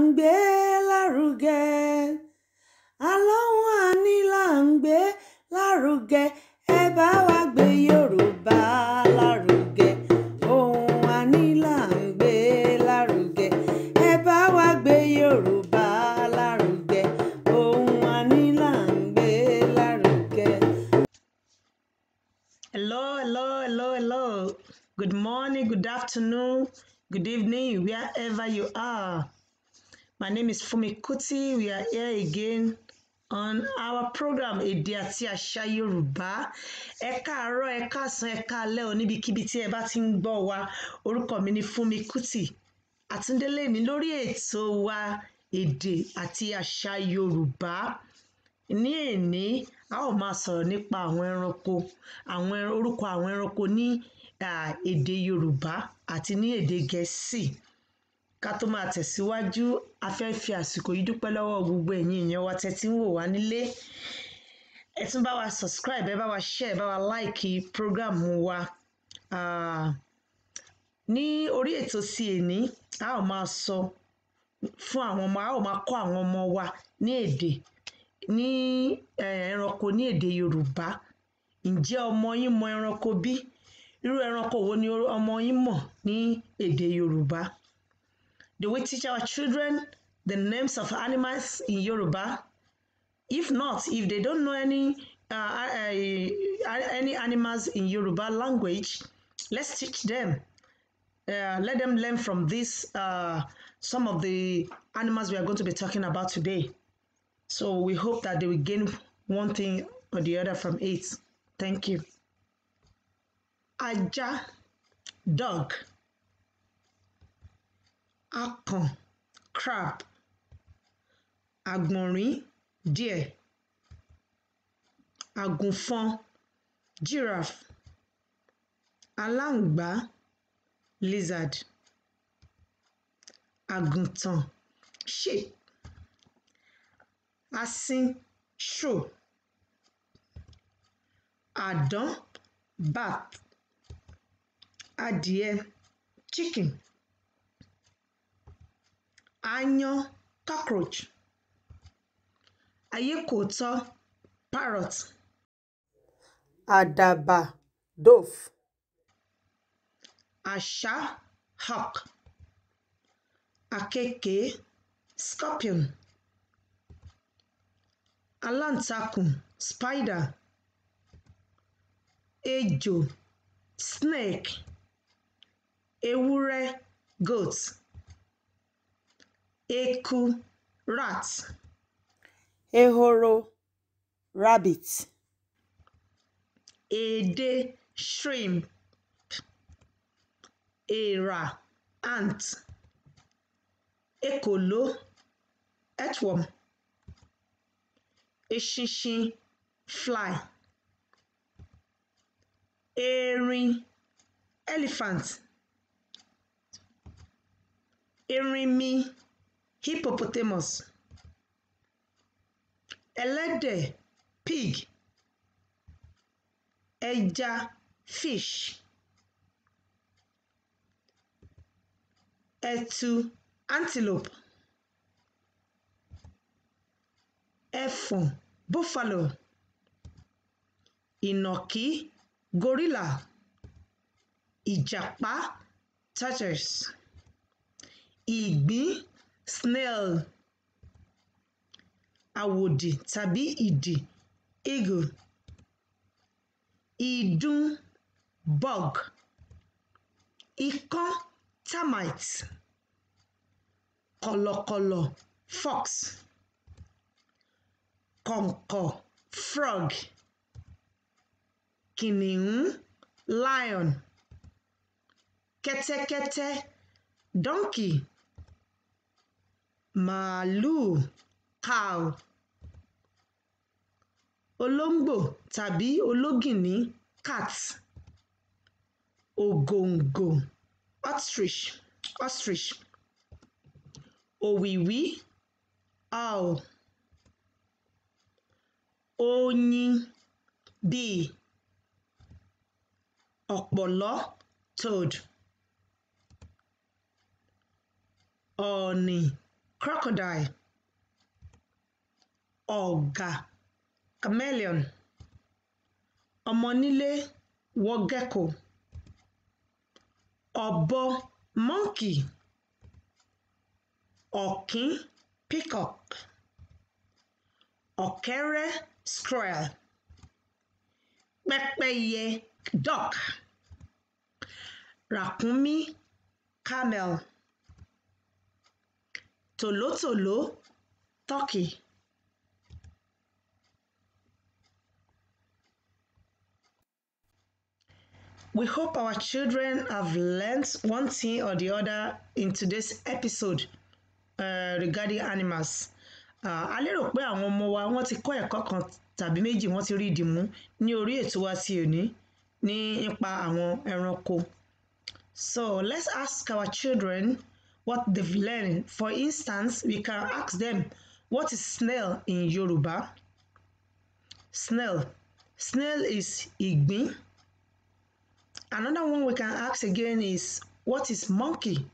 ń gbé lárugẹ alohùn àní là ń gbé lárugẹ ẹ bá wa gbé Yorùbá lárugẹ ohùn àní là ń gbé lárugẹ ẹ bá wa gbé Yorùbá lárugẹ ohùn àní là ń gbé lárugẹ. hello hello hello hello good morning good afternoon good evening wherever you are. My name is Fumi Kuti. We are here again on our program Èdè àti Àṣà Yorùbá. Ẹ káàárọ̀, ẹ káàsán, ẹ káalẹ́ o níbikíbi tí ẹ bá ti ń gbọ́ wa. Orúkọ mi ni Fumi Kuti. Àtúndélé ni lórí ètò wa Èdè àti Àṣà Yorùbá. Ní èní, a ó máa sọ̀rọ̀ nípa àwọn ẹranko, àwọn orúkọ àwọn ẹranko ní èdè Yorùbá àti ní èdè Gẹ̀ẹ́sì ká tó máa tẹ̀síwájú a fẹ́ fi àsìkò yìí dúpẹ́ lọ́wọ́ gbogbo ẹ̀yin èèyàn wa tẹ́tí ń wò wá nílé ẹ tún bá wa subscribe ẹ bá wa share ẹ bá wa like program wa ní orí ètò sí èní a ó máa sọ fún àwọn ọmọ a ó máa kọ́ àwọn ọmọ wa ní èdè ní ẹranko ní èdè Yorùbá ǹjẹ́ ọmọ yín mọ ẹranko bí irú ẹranko wo ni ọmọ yín mọ̀ ní èdè Yorùbá Do we teach our children the names of animals in Yoruba? If not, if they don't know any uh, uh, uh any animals in Yoruba language, let's teach them. Uh, let them learn from this uh, some of the animals we are going to be talking about today. So we hope that they will gain one thing or the other from it. Thank you. Aja, dog. akàn crab àgbọ̀nrín deer àgùnfọn giraffe aláǹgbá lizard àgùntàn sheep asín shrew àdán bat adìẹ chicken Anyọ cockroach ayekoto parrot àdàbà dove àṣá hawk àkekèé scorpion aláǹtakùn spider ejò snek, ewure goat eku rat ehoro rabbit ede shrimp era ant ekolo earthworm eṣinṣin fly erin elephant erinmi. hippopotamus, ẹlẹ́dẹ̀, pig, ẹja, fish, ẹtu, antelope, ẹfọ̀n, buffalo, inoki, gorilla, ìjàpá, tatters, igbi snail àwòdì tàbí ìdì eagle ìdun bug ikán termite kọ̀lọ̀kọ̀lọ̀ fox kọ̀ǹkọ̀ frog kìnìún lion kẹ́tẹ́kẹ́tẹ́ donkey màálùú cow olóńgbò tàbí ológìnní cat ògòǹgò ostrich ostrich òwìwí owl oyin bee ọ̀pọ̀lọ́ toad ọ̀ọ̀nì crocodile, ọ̀gà, chameleon, amanile, wọ gecko, ọ̀bọ, monkey, ọ̀kín, peacock, ọ̀kẹ́rẹ́, squirrel, pẹ́pẹ́yẹ, duck, ràkúnmí, camel. tòlótòló turkey. We hope our children have learned one thing or the other in today's episode uh, regarding animals. Uh, a lérò pé àwọn ọmọ wa wọ́n ti kọ́ ẹ̀kọ́ kan tàbí méjì wọ́n ti rí ìdìmú ní orí ètò wa ti òní nípa àwọn ẹranko. So let's ask our children what they've learned. For instance, we can ask them, what is snail in Yoruba? Snail. Snail is igbi. Another one we can ask again is, what is monkey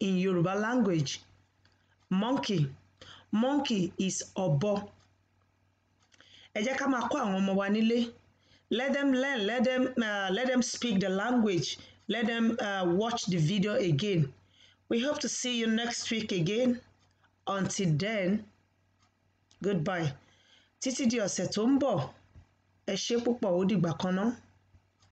in Yoruba language? Monkey. Monkey is obo. Let them learn, let them, uh, let them speak the language, let them uh, watch the video again. We hope to see you next week again. Until then, goodbye. Títí di ọ̀sẹ̀ tó ń bọ̀, ẹ ṣé púpọ̀ ó dìgbà kan náà.